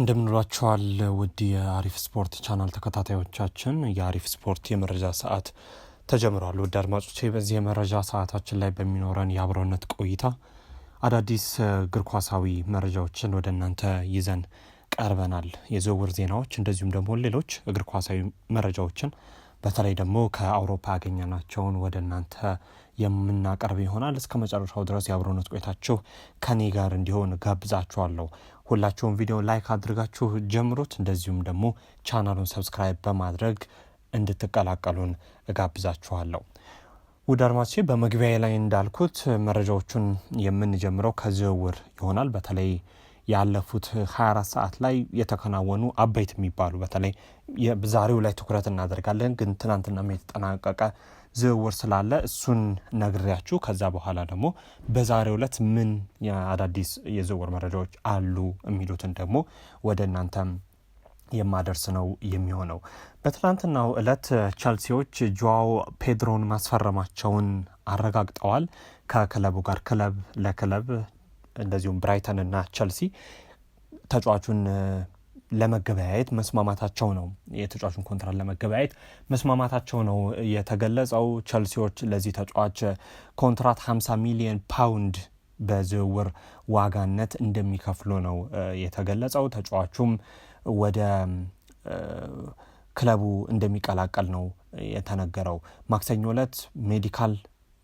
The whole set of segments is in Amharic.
እንደምንሏቸዋል ውድ የአሪፍ ስፖርት ቻናል ተከታታዮቻችን የአሪፍ ስፖርት የመረጃ ሰዓት ተጀምሯል። ውድ አድማጮቼ በዚህ የመረጃ ሰዓታችን ላይ በሚኖረን የአብሮነት ቆይታ አዳዲስ እግር ኳሳዊ መረጃዎችን ወደ እናንተ ይዘን ቀርበናል። የዝውውር ዜናዎች እንደዚሁም ደግሞ ሌሎች እግር ኳሳዊ መረጃዎችን በተለይ ደግሞ ከአውሮፓ ያገኘናቸውን ወደ እናንተ የምናቀርብ ይሆናል። እስከ መጨረሻው ድረስ የአብሮነት ቆይታችሁ ከኔ ጋር እንዲሆን ጋብዛችኋለሁ። ሁላችሁም ቪዲዮ ላይክ አድርጋችሁ ጀምሩት። እንደዚሁም ደግሞ ቻናሉን ሰብስክራይብ በማድረግ እንድትቀላቀሉን እጋብዛችኋለሁ። ውድ አድማች በመግቢያ ላይ እንዳልኩት መረጃዎቹን የምንጀምረው ከዝውውር ይሆናል። በተለይ ያለፉት 24 ሰዓት ላይ የተከናወኑ አበይት የሚባሉ በተለይ ዛሬው ላይ ትኩረት እናደርጋለን። ግን ትናንትና የተጠናቀቀ ዝውውር ስላለ እሱን ነግሬያችሁ ከዛ በኋላ ደግሞ በዛሬው ዕለት ምን አዳዲስ የዝውውር መረጃዎች አሉ የሚሉትን ደግሞ ወደ እናንተም የማደርስ ነው የሚሆነው። በትናንትናው ዕለት ቸልሲዎች ጆዋው ፔድሮን ማስፈረማቸውን አረጋግጠዋል ከክለቡ ጋር ክለብ ለክለብ እንደዚሁም ብራይተን እና ቸልሲ ተጫዋቹን ለመገበያየት መስማማታቸው ነው የተጫዋቹን ኮንትራት ለመገበያየት መስማማታቸው ነው የተገለጸው። ቸልሲዎች ለዚህ ተጫዋች ኮንትራት 50 ሚሊዮን ፓውንድ በዝውውር ዋጋነት እንደሚከፍሉ ነው የተገለጸው። ተጫዋቹም ወደ ክለቡ እንደሚቀላቀል ነው የተነገረው። ማክሰኞ ዕለት ሜዲካል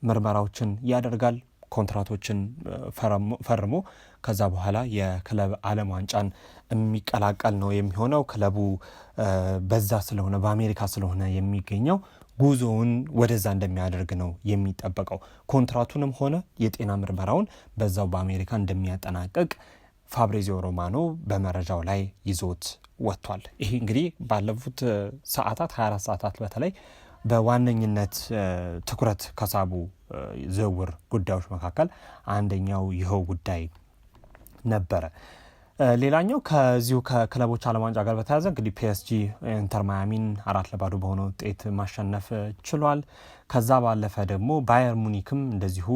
ምርመራዎችን ያደርጋል። ኮንትራቶችን ፈርሞ ከዛ በኋላ የክለብ ዓለም ዋንጫን የሚቀላቀል ነው የሚሆነው። ክለቡ በዛ ስለሆነ በአሜሪካ ስለሆነ የሚገኘው ጉዞውን ወደዛ እንደሚያደርግ ነው የሚጠበቀው። ኮንትራቱንም ሆነ የጤና ምርመራውን በዛው በአሜሪካ እንደሚያጠናቅቅ ፋብሬዚዮ ሮማኖ በመረጃው ላይ ይዞት ወጥቷል። ይሄ እንግዲህ ባለፉት ሰዓታት 24 ሰዓታት በተለይ በዋነኝነት ትኩረት ከሳቡ ዝውውር ጉዳዮች መካከል አንደኛው ይኸው ጉዳይ ነበረ። ሌላኛው ከዚሁ ከክለቦች ዓለም ዋንጫ ጋር በተያያዘ እንግዲህ ፒኤስጂ ኢንተር ማያሚን አራት ለባዶ በሆነ ውጤት ማሸነፍ ችሏል። ከዛ ባለፈ ደግሞ ባየር ሙኒክም እንደዚሁ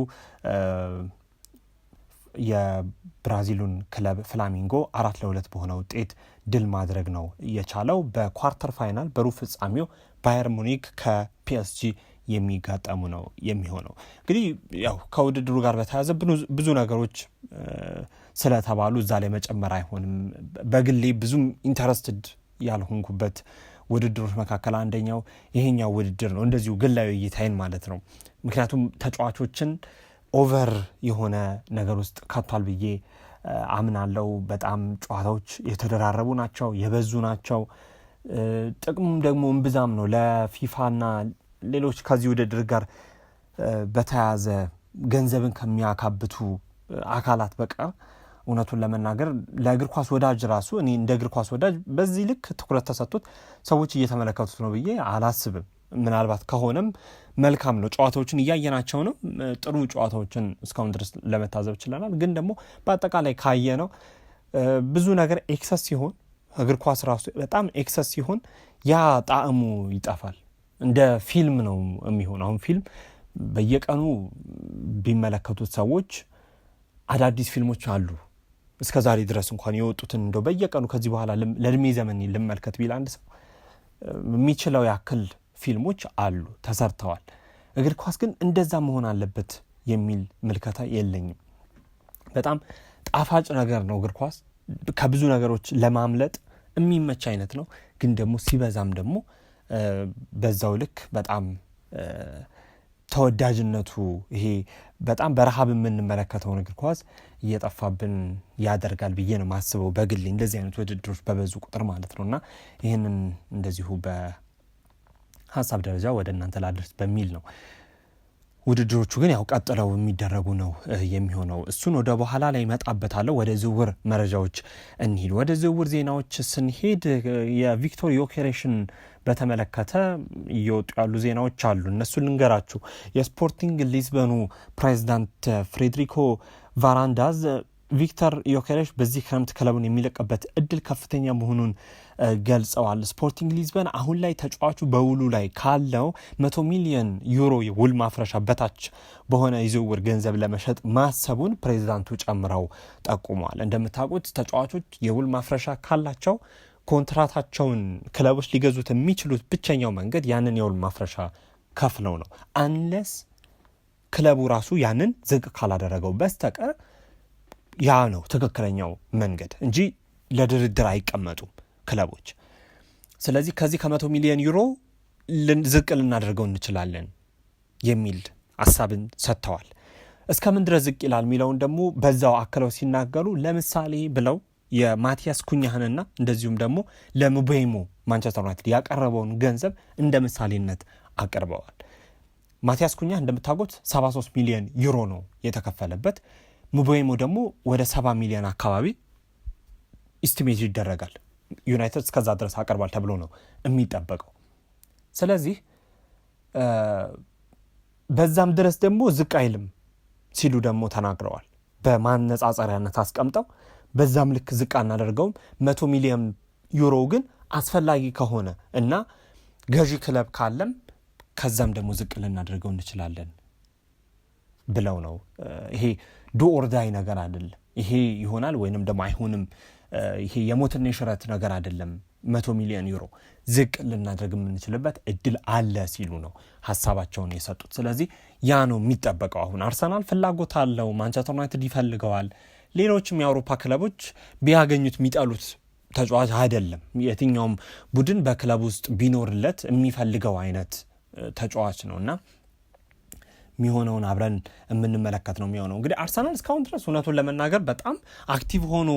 የብራዚሉን ክለብ ፍላሚንጎ አራት ለሁለት በሆነ ውጤት ድል ማድረግ ነው የቻለው። በኳርተር ፋይናል በሩብ ፍጻሜው ባየር ሙኒክ ከፒኤስጂ የሚጋጠሙ ነው የሚሆነው። እንግዲህ ያው ከውድድሩ ጋር በተያያዘ ብዙ ነገሮች ስለተባሉ እዛ ላይ መጨመር አይሆንም። በግሌ ብዙም ኢንተረስትድ ያልሆንኩበት ውድድሮች መካከል አንደኛው ይሄኛው ውድድር ነው፣ እንደዚሁ ግላዊ እይታይን ማለት ነው። ምክንያቱም ተጫዋቾችን ኦቨር የሆነ ነገር ውስጥ ከቷል ብዬ አምናለው። በጣም ጨዋታዎች የተደራረቡ ናቸው፣ የበዙ ናቸው። ጥቅሙም ደግሞ እምብዛም ነው ለፊፋና ሌሎች ከዚህ ውድድር ጋር በተያያዘ ገንዘብን ከሚያካብቱ አካላት በቀር እውነቱን ለመናገር ለእግር ኳስ ወዳጅ ራሱ እኔ እንደ እግር ኳስ ወዳጅ በዚህ ልክ ትኩረት ተሰጥቶት ሰዎች እየተመለከቱት ነው ብዬ አላስብም። ምናልባት ከሆነም መልካም ነው። ጨዋታዎችን እያየናቸው ነው። ጥሩ ጨዋታዎችን እስካሁን ድረስ ለመታዘብ ችለናል። ግን ደግሞ በአጠቃላይ ካየ ነው ብዙ ነገር ኤክሰስ ሲሆን እግር ኳስ ራሱ በጣም ኤክሰስ ሲሆን ያ ጣዕሙ ይጠፋል። እንደ ፊልም ነው የሚሆን። አሁን ፊልም በየቀኑ ቢመለከቱት ሰዎች አዳዲስ ፊልሞች አሉ እስከ ዛሬ ድረስ እንኳን የወጡትን እንደው በየቀኑ ከዚህ በኋላ ለእድሜ ዘመን ልመልከት ቢል አንድ ሰው የሚችለው ያክል ፊልሞች አሉ ተሰርተዋል። እግር ኳስ ግን እንደዛ መሆን አለበት የሚል ምልከታ የለኝም። በጣም ጣፋጭ ነገር ነው እግር ኳስ ከብዙ ነገሮች ለማምለጥ የሚመች አይነት ነው። ግን ደግሞ ሲበዛም ደግሞ በዛው ልክ በጣም ተወዳጅነቱ ይሄ በጣም በረሃብ የምንመለከተውን እግር ኳስ እየጠፋብን ያደርጋል ብዬ ነው ማስበው በግሌ እንደዚህ አይነት ውድድሮች በበዙ ቁጥር ማለት ነው። እና ይህንን እንደዚሁ በሀሳብ ደረጃ ወደ እናንተ ላድርስ በሚል ነው። ውድድሮቹ ግን ያው ቀጥለው የሚደረጉ ነው የሚሆነው። እሱን ወደ በኋላ ላይ መጣበታለሁ። ወደ ዝውውር መረጃዎች እንሂድ። ወደ ዝውውር ዜናዎች ስንሄድ የቪክቶር ዮኬሬሽን በተመለከተ እየወጡ ያሉ ዜናዎች አሉ። እነሱን ልንገራችሁ። የስፖርቲንግ ሊዝበኑ ፕሬዚዳንት ፍሬድሪኮ ቫራንዳዝ ቪክተር ዮኬሬሽ በዚህ ክረምት ክለቡን የሚለቅበት እድል ከፍተኛ መሆኑን ገልጸዋል። ስፖርቲንግ ሊዝበን አሁን ላይ ተጫዋቹ በውሉ ላይ ካለው መቶ ሚሊዮን ዩሮ የውል ማፍረሻ በታች በሆነ የዝውውር ገንዘብ ለመሸጥ ማሰቡን ፕሬዚዳንቱ ጨምረው ጠቁመዋል። እንደምታውቁት ተጫዋቾች የውል ማፍረሻ ካላቸው ኮንትራታቸውን ክለቦች ሊገዙት የሚችሉት ብቸኛው መንገድ ያንን የውል ማፍረሻ ከፍለው ነው። አንለስ ክለቡ ራሱ ያንን ዝቅ ካላደረገው በስተቀር ያ ነው ትክክለኛው መንገድ እንጂ ለድርድር አይቀመጡም ክለቦች። ስለዚህ ከዚህ ከመቶ ሚሊዮን ዩሮ ዝቅ ልናደርገው እንችላለን የሚል ሀሳብን ሰጥተዋል። እስከምን ድረስ ዝቅ ይላል የሚለውን ደግሞ በዛው አክለው ሲናገሩ ለምሳሌ ብለው የማቲያስ ኩኛህንና እንደዚሁም ደግሞ ለሙቤሞ ማንቸስተር ዩናይትድ ያቀረበውን ገንዘብ እንደ ምሳሌነት አቅርበዋል። ማቲያስ ኩኛህ እንደምታውቁት 73 ሚሊዮን ዩሮ ነው የተከፈለበት። ሙቤሞ ደግሞ ወደ ሰባ ሚሊዮን አካባቢ ኢስቲሜት ይደረጋል። ዩናይትድ እስከዛ ድረስ አቀርባል ተብሎ ነው የሚጠበቀው። ስለዚህ በዛም ድረስ ደግሞ ዝቅ አይልም ሲሉ ደግሞ ተናግረዋል። በማነጻጸሪያነት አስቀምጠው በዛም ልክ ዝቅ አናደርገውም፣ መቶ ሚሊዮን ዩሮ ግን አስፈላጊ ከሆነ እና ገዢ ክለብ ካለም ከዛም ደግሞ ዝቅ ልናደርገው እንችላለን ብለው ነው ይሄ ዱ ኦርዳይ ነገር አይደለም። ይሄ ይሆናል ወይንም ደግሞ አይሆንም፣ ይሄ የሞትና የሽረት ነገር አይደለም። መቶ ሚሊዮን ዩሮ ዝቅ ልናደርግ የምንችልበት እድል አለ ሲሉ ነው ሀሳባቸውን የሰጡት። ስለዚህ ያ ነው የሚጠበቀው። አሁን አርሰናል ፍላጎት አለው፣ ማንቸስተር ዩናይትድ ይፈልገዋል። ሌሎችም የአውሮፓ ክለቦች ቢያገኙት የሚጠሉት ተጫዋች አይደለም። የትኛውም ቡድን በክለብ ውስጥ ቢኖርለት የሚፈልገው አይነት ተጫዋች ነው እና የሚሆነውን አብረን የምንመለከት ነው የሚሆነው። እንግዲህ አርሰናል እስካሁን ድረስ እውነቱን ለመናገር በጣም አክቲቭ ሆኖ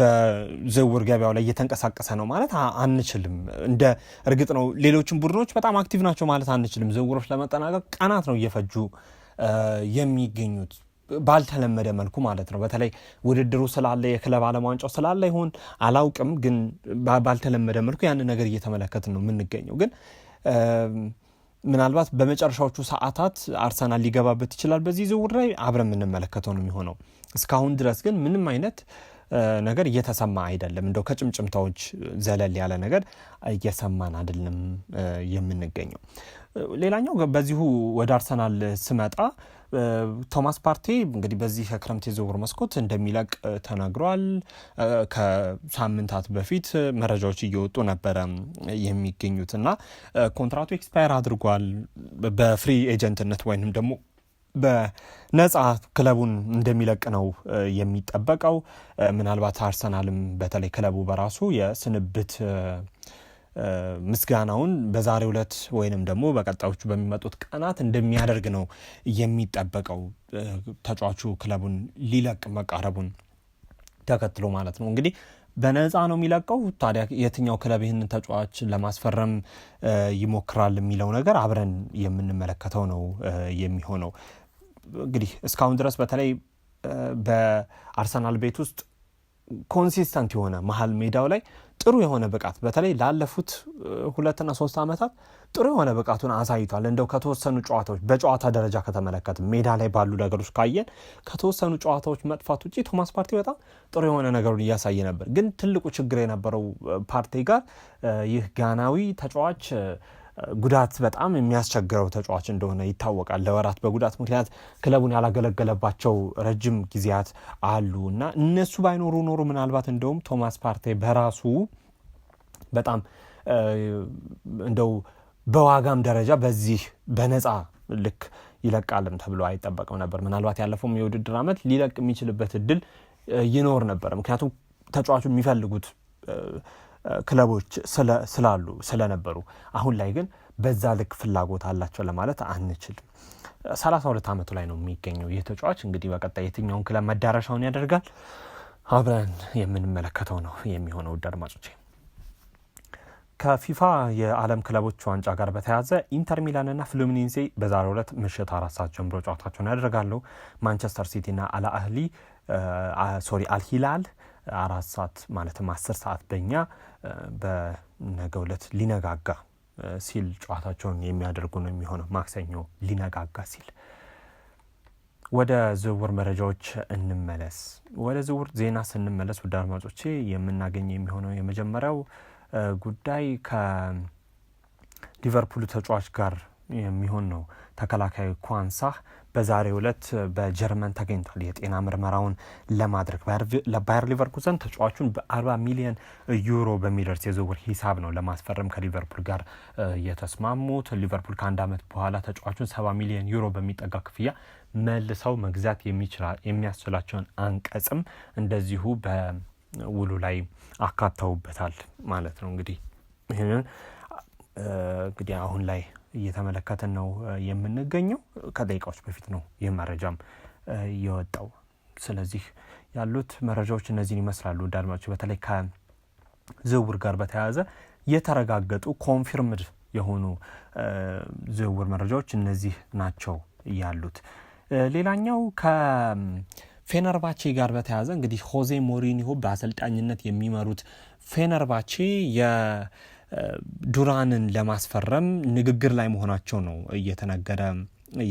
በዝውውር ገበያው ላይ እየተንቀሳቀሰ ነው ማለት አንችልም። እንደ እርግጥ ነው ሌሎችም ቡድኖች በጣም አክቲቭ ናቸው ማለት አንችልም። ዝውውሮች ለመጠናቀቅ ቀናት ነው እየፈጁ የሚገኙት ባልተለመደ መልኩ ማለት ነው። በተለይ ውድድሩ ስላለ የክለብ ዓለም ዋንጫው ስላለ ይሆን አላውቅም፣ ግን ባልተለመደ መልኩ ያንን ነገር እየተመለከትን ነው የምንገኘው ግን ምናልባት በመጨረሻዎቹ ሰዓታት አርሰናል ሊገባበት ይችላል። በዚህ ዝውውር ላይ አብረን የምንመለከተው ነው የሚሆነው። እስካሁን ድረስ ግን ምንም አይነት ነገር እየተሰማ አይደለም። እንደው ከጭምጭምታዎች ዘለል ያለ ነገር እየሰማን አይደለም የምንገኘው። ሌላኛው በዚሁ ወደ አርሰናል ስመጣ ቶማስ ፓርቴ እንግዲህ በዚህ የክረምት የዝውውር መስኮት እንደሚለቅ ተናግሯል። ከሳምንታት በፊት መረጃዎች እየወጡ ነበረ የሚገኙት እና ኮንትራቱ ኤክስፓየር አድርጓል። በፍሪ ኤጀንትነት ወይንም ደግሞ በነጻ ክለቡን እንደሚለቅ ነው የሚጠበቀው። ምናልባት አርሰናልም በተለይ ክለቡ በራሱ የስንብት ምስጋናውን በዛሬ ዕለት ወይንም ደግሞ በቀጣዮቹ በሚመጡት ቀናት እንደሚያደርግ ነው የሚጠበቀው ተጫዋቹ ክለቡን ሊለቅ መቃረቡን ተከትሎ ማለት ነው። እንግዲህ በነፃ ነው የሚለቀው። ታዲያ የትኛው ክለብ ይህንን ተጫዋች ለማስፈረም ይሞክራል የሚለው ነገር አብረን የምንመለከተው ነው የሚሆነው። እንግዲህ እስካሁን ድረስ በተለይ በአርሰናል ቤት ውስጥ ኮንሲስተንት የሆነ መሀል ሜዳው ላይ ጥሩ የሆነ ብቃት በተለይ ላለፉት ሁለትና ሶስት ዓመታት ጥሩ የሆነ ብቃቱን አሳይቷል። እንደው ከተወሰኑ ጨዋታዎች በጨዋታ ደረጃ ከተመለከት ሜዳ ላይ ባሉ ነገሮች ካየን ከተወሰኑ ጨዋታዎች መጥፋት ውጭ ቶማስ ፓርቲ በጣም ጥሩ የሆነ ነገሩን እያሳየ ነበር። ግን ትልቁ ችግር የነበረው ፓርቲ ጋር ይህ ጋናዊ ተጫዋች ጉዳት በጣም የሚያስቸግረው ተጫዋች እንደሆነ ይታወቃል። ለወራት በጉዳት ምክንያት ክለቡን ያላገለገለባቸው ረጅም ጊዜያት አሉ እና እነሱ ባይኖሩ ኖሩ ምናልባት እንደውም ቶማስ ፓርቴ በራሱ በጣም እንደው በዋጋም ደረጃ በዚህ በነፃ ልክ ይለቃልም ተብሎ አይጠበቅም ነበር። ምናልባት ያለፈውም የውድድር ዓመት ሊለቅ የሚችልበት እድል ይኖር ነበር። ምክንያቱም ተጫዋቹ የሚፈልጉት ክለቦች ስላሉ ስለነበሩ አሁን ላይ ግን በዛ ልክ ፍላጎት አላቸው ለማለት አንችልም። ሰላሳ ሁለት ዓመቱ ላይ ነው የሚገኘው ይህ ተጫዋች እንግዲህ በቀጣይ የትኛውን ክለብ መዳረሻውን ያደርጋል አብረን የምንመለከተው ነው የሚሆነው። ውድ አድማጮቼ ከፊፋ የዓለም ክለቦች ዋንጫ ጋር በተያያዘ ኢንተር ሚላንና ፍሉሚኒንሴ በዛሬው ዕለት ምሽት አራት ሰዓት ጀምሮ ጨዋታቸውን ያደርጋሉ። ማንቸስተር ሲቲና አልአህሊ ሶሪ አልሂላል አራት ሰዓት ማለትም አስር ሰዓት በኛ በነገ ዕለት ሊነጋጋ ሲል ጨዋታቸውን የሚያደርጉ ነው የሚሆነው። ማክሰኞ ሊነጋጋ ሲል ወደ ዝውውር መረጃዎች እንመለስ። ወደ ዝውውር ዜና ስንመለስ ውድ አድማጮቼ የምናገኝ የሚሆነው የመጀመሪያው ጉዳይ ከሊቨርፑል ተጫዋች ጋር የሚሆን ነው። ተከላካዩ ኳንሳ በዛሬው ዕለት በጀርመን ተገኝቷል። የጤና ምርመራውን ለማድረግ ለባየር ሊቨርኩዘን ተጫዋቹን በ40 ሚሊዮን ዩሮ በሚደርስ የዝውውር ሂሳብ ነው ለማስፈረም ከሊቨርፑል ጋር የተስማሙት። ሊቨርፑል ከአንድ ዓመት በኋላ ተጫዋቹን 70 ሚሊዮን ዩሮ በሚጠጋ ክፍያ መልሰው መግዛት የሚያስችላቸውን አንቀጽም እንደዚሁ በውሉ ላይ አካተውበታል ማለት ነው። እንግዲህ ይህንን እንግዲህ አሁን ላይ እየተመለከትን ነው የምንገኘው። ከደቂቃዎች በፊት ነው ይህ መረጃም የወጣው። ስለዚህ ያሉት መረጃዎች እነዚህን ይመስላሉ። እንደ አድማጮች በተለይ ከዝውውር ጋር በተያያዘ የተረጋገጡ ኮንፊርምድ የሆኑ ዝውውር መረጃዎች እነዚህ ናቸው ያሉት። ሌላኛው ከፌነርባቼ ጋር በተያያዘ እንግዲህ ሆዜ ሞሪኒሆ በአሰልጣኝነት የሚመሩት ፌነርባቼ ዱራንን ለማስፈረም ንግግር ላይ መሆናቸው ነው እየተነገረ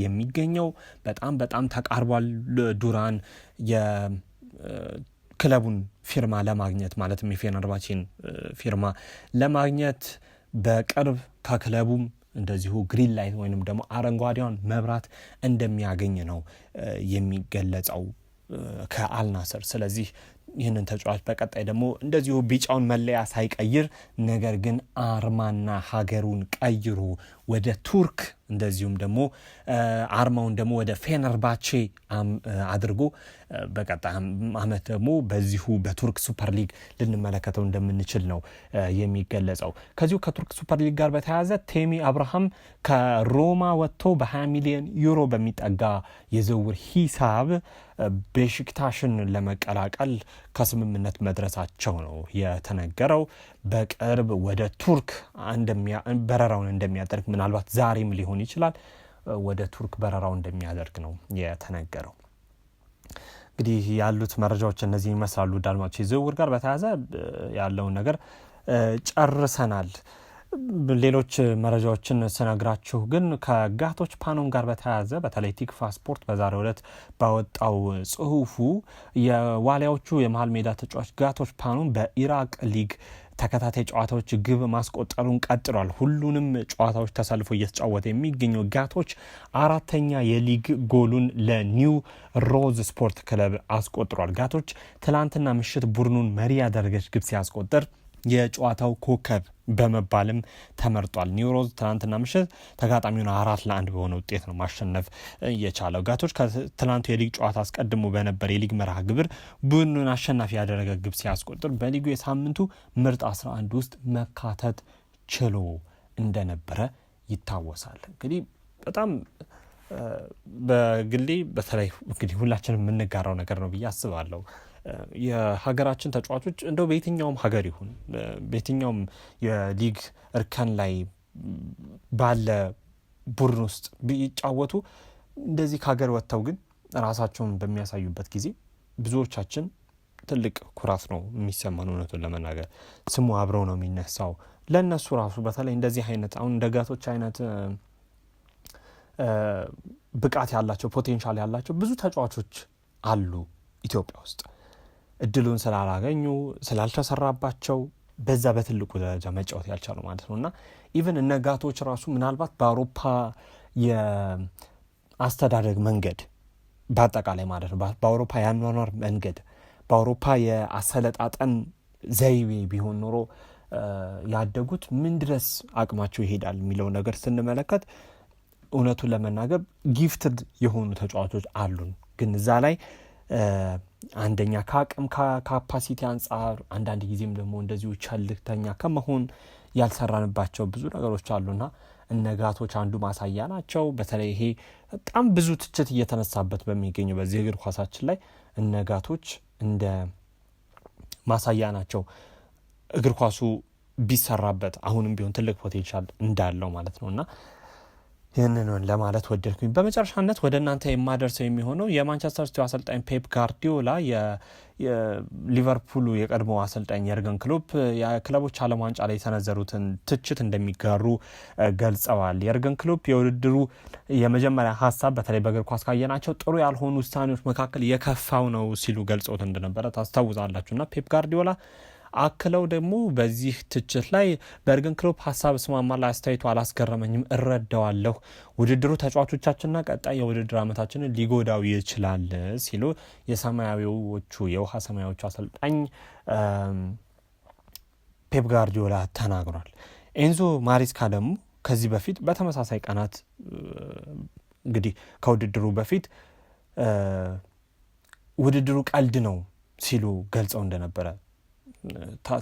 የሚገኘው። በጣም በጣም ተቃርቧል ዱራን የክለቡን ፊርማ ለማግኘት ማለትም የፌነርባቼን ፊርማ ለማግኘት በቅርብ ከክለቡም እንደዚሁ ግሪን ላይት ወይንም ደግሞ አረንጓዴዋን መብራት እንደሚያገኝ ነው የሚገለጸው ከአልናስር። ስለዚህ ይህንን ተጫዋች በቀጣይ ደግሞ እንደዚሁ ቢጫውን መለያ ሳይቀይር ነገር ግን አርማና ሀገሩን ቀይሮ ወደ ቱርክ እንደዚሁም ደግሞ አርማውን ደግሞ ወደ ፌነርባቼ አድርጎ በቀጣይ አመት ደግሞ በዚሁ በቱርክ ሱፐር ሊግ ልንመለከተው እንደምንችል ነው የሚገለጸው። ከዚሁ ከቱርክ ሱፐር ሊግ ጋር በተያያዘ ቴሚ አብርሃም ከሮማ ወጥቶ በ20 ሚሊዮን ዩሮ በሚጠጋ የዝውውር ሂሳብ ቤሽክታሽን ለመቀላቀል ከስምምነት መድረሳቸው ነው የተነገረው። በቅርብ ወደ ቱርክ በረራውን እንደሚያደርግ ምናልባት ዛሬም ሊሆን ይችላል ወደ ቱርክ በረራው እንደሚያደርግ ነው የተነገረው። እንግዲህ ያሉት መረጃዎች እነዚህ ይመስላሉ። ዳልማች ዝውውር ጋር በተያያዘ ያለውን ነገር ጨርሰናል። ሌሎች መረጃዎችን ስነግራችሁ ግን ከጋቶች ፓኖን ጋር በተያያዘ በተለይ ቲክፋ ስፖርት በዛሬው ዕለት ባወጣው ጽሁፉ የዋሊያዎቹ የመሀል ሜዳ ተጫዋች ጋቶች ፓኖን በኢራቅ ሊግ ተከታታይ ጨዋታዎች ግብ ማስቆጠሩን ቀጥሏል። ሁሉንም ጨዋታዎች ተሰልፎ እየተጫወተ የሚገኘው ጋቶች አራተኛ የሊግ ጎሉን ለኒው ሮዝ ስፖርት ክለብ አስቆጥሯል። ጋቶች ትላንትና ምሽት ቡድኑን መሪ ያደረገች ግብ ሲያስቆጥር የጨዋታው ኮከብ በመባልም ተመርጧል። ኒውሮዝ ትናንትና ምሽት ተጋጣሚውን አራት ለአንድ በሆነ ውጤት ነው ማሸነፍ የቻለው። ጋቶች ከትናንቱ የሊግ ጨዋታ አስቀድሞ በነበረ የሊግ መርሃ ግብር ቡድኑን አሸናፊ ያደረገ ግብ ሲያስቆጥር በሊጉ የሳምንቱ ምርጥ 11 ውስጥ መካተት ችሎ እንደነበረ ይታወሳል። እንግዲህ በጣም በግሌ በተለይ እንግዲህ ሁላችንም የምንጋራው ነገር ነው ብዬ አስባለሁ። የሀገራችን ተጫዋቾች እንደው በየትኛውም ሀገር ይሁን በየትኛውም የሊግ እርከን ላይ ባለ ቡድን ውስጥ ቢጫወቱ እንደዚህ ከሀገር ወጥተው ግን ራሳቸውን በሚያሳዩበት ጊዜ ብዙዎቻችን ትልቅ ኩራት ነው የሚሰማን። እውነቱን ለመናገር ስሙ አብረው ነው የሚነሳው። ለእነሱ ራሱ በተለይ እንደዚህ አይነት አሁን እንደ ጋቶች አይነት ብቃት ያላቸው ፖቴንሻል ያላቸው ብዙ ተጫዋቾች አሉ ኢትዮጵያ ውስጥ። እድሉን ስላላገኙ ስላልተሰራባቸው በዛ በትልቁ ደረጃ መጫወት ያልቻሉ ማለት ነው እና ኢቨን እነጋቶች ራሱ ምናልባት በአውሮፓ የአስተዳደግ መንገድ በአጠቃላይ ማለት ነው በአውሮፓ የአኗኗር መንገድ በአውሮፓ የአሰለጣጠን ዘይቤ ቢሆን ኖሮ ያደጉት ምን ድረስ አቅማቸው ይሄዳል የሚለው ነገር ስንመለከት እውነቱን ለመናገር ጊፍትድ የሆኑ ተጫዋቾች አሉን ግን እዛ ላይ አንደኛ ከአቅም ካፓሲቲ አንጻር አንዳንድ ጊዜም ደግሞ እንደዚሁ ቸልተኛ ከመሆን ያልሰራንባቸው ብዙ ነገሮች አሉና እነጋቶች አንዱ ማሳያ ናቸው። በተለይ ይሄ በጣም ብዙ ትችት እየተነሳበት በሚገኘው በዚህ እግር ኳሳችን ላይ እነጋቶች እንደ ማሳያ ናቸው። እግር ኳሱ ቢሰራበት አሁንም ቢሆን ትልቅ ፖቴንሻል እንዳለው ማለት ነው እና ይህንን ለማለት ወደድኩኝ። በመጨረሻነት ወደ እናንተ የማደርሰው የሚሆነው የማንቸስተር ሲቲ አሰልጣኝ ፔፕ ጋርዲዮላ የሊቨርፑሉ የቀድሞ አሰልጣኝ የርገን ክሎፕ የክለቦች ዓለም ዋንጫ ላይ የተነዘሩትን ትችት እንደሚጋሩ ገልጸዋል። የርገን ክሎፕ የውድድሩ የመጀመሪያ ሀሳብ በተለይ በእግር ኳስ ካየናቸው ጥሩ ያልሆኑ ውሳኔዎች መካከል የከፋው ነው ሲሉ ገልጾት እንደነበረ ታስታውዛላችሁ እና ፔፕ ጋርዲዮላ አክለው ደግሞ በዚህ ትችት ላይ በእርግን ክሎፕ ሀሳብ ላይ አስተያየቱ አላስገረመኝም፣ እረዳዋለሁ። ውድድሩ ተጫዋቾቻችንና ቀጣይ የውድድር ዓመታችንን ሊጎዳው ይችላል ሲሉ የሰማያዊዎቹ የውሃ ሰማያዎቹ አሰልጣኝ ፔፕ ጋርዲዮላ ተናግሯል። ኤንዞ ማሪስካ ደግሞ ከዚህ በፊት በተመሳሳይ ቀናት እንግዲህ ከውድድሩ በፊት ውድድሩ ቀልድ ነው ሲሉ ገልጸው እንደነበረ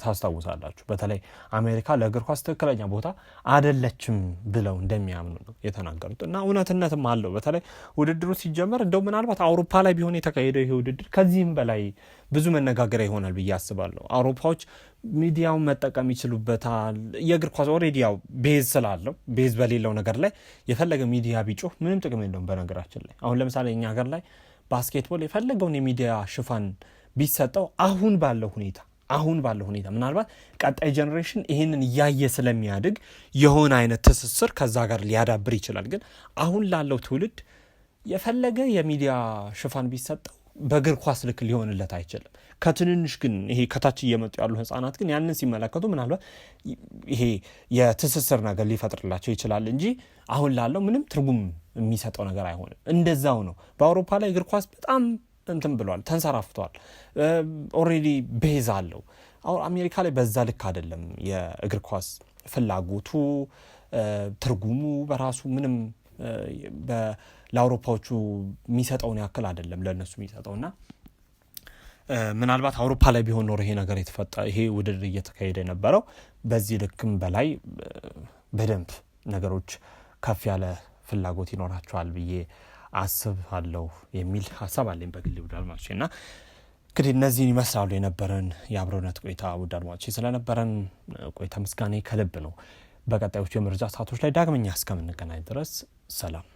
ታስታውሳላችሁ። በተለይ አሜሪካ ለእግር ኳስ ትክክለኛ ቦታ አደለችም ብለው እንደሚያምኑ ነው የተናገሩት እና እውነትነትም አለው። በተለይ ውድድሩ ሲጀመር እንደው ምናልባት አውሮፓ ላይ ቢሆን የተካሄደው ይሄ ውድድር ከዚህም በላይ ብዙ መነጋገሪያ ይሆናል ብዬ አስባለሁ። አውሮፓዎች ሚዲያውን መጠቀም ይችሉበታል። የእግር ኳስ ኦልሬዲ ያው ቤዝ ስላለው ቤዝ በሌለው ነገር ላይ የፈለገ ሚዲያ ቢጮህ ምንም ጥቅም የለውም። በነገራችን ላይ አሁን ለምሳሌ እኛ ሀገር ላይ ባስኬትቦል የፈለገውን የሚዲያ ሽፋን ቢሰጠው አሁን ባለው ሁኔታ አሁን ባለው ሁኔታ ምናልባት ቀጣይ ጀኔሬሽን ይህንን እያየ ስለሚያድግ የሆነ አይነት ትስስር ከዛ ጋር ሊያዳብር ይችላል። ግን አሁን ላለው ትውልድ የፈለገ የሚዲያ ሽፋን ቢሰጠው በእግር ኳስ ልክ ሊሆንለት አይችልም። ከትንንሽ ግን ይሄ ከታች እየመጡ ያሉ ህጻናት ግን ያንን ሲመለከቱ ምናልባት ይሄ የትስስር ነገር ሊፈጥርላቸው ይችላል እንጂ አሁን ላለው ምንም ትርጉም የሚሰጠው ነገር አይሆንም። እንደዛው ነው። በአውሮፓ ላይ እግር ኳስ በጣም እንትን ብሏል፣ ተንሰራፍቷል። ኦሬዲ ቤዝ አለው። አሁን አሜሪካ ላይ በዛ ልክ አይደለም የእግር ኳስ ፍላጎቱ ትርጉሙ በራሱ ምንም ለአውሮፓዎቹ የሚሰጠውን ያክል አይደለም ለእነሱ የሚሰጠውና ምናልባት አውሮፓ ላይ ቢሆን ኖሮ ይሄ ነገር የተፈጠ ይሄ ውድድር እየተካሄደ የነበረው በዚህ ልክም በላይ በደንብ ነገሮች ከፍ ያለ ፍላጎት ይኖራቸዋል ብዬ አስባለሁ የሚል ሀሳብ አለኝ በግል ውድ አድማጮቼ እና እንግዲህ እነዚህን ይመስላሉ የነበረን የአብሮነት ቆይታ ውድ አድማጮቼ ስለነበረን ቆይታ ምስጋና ከልብ ነው። በቀጣዮቹ የመረጃ ሰዓቶች ላይ ዳግመኛ እስከምንገናኝ ድረስ ሰላም።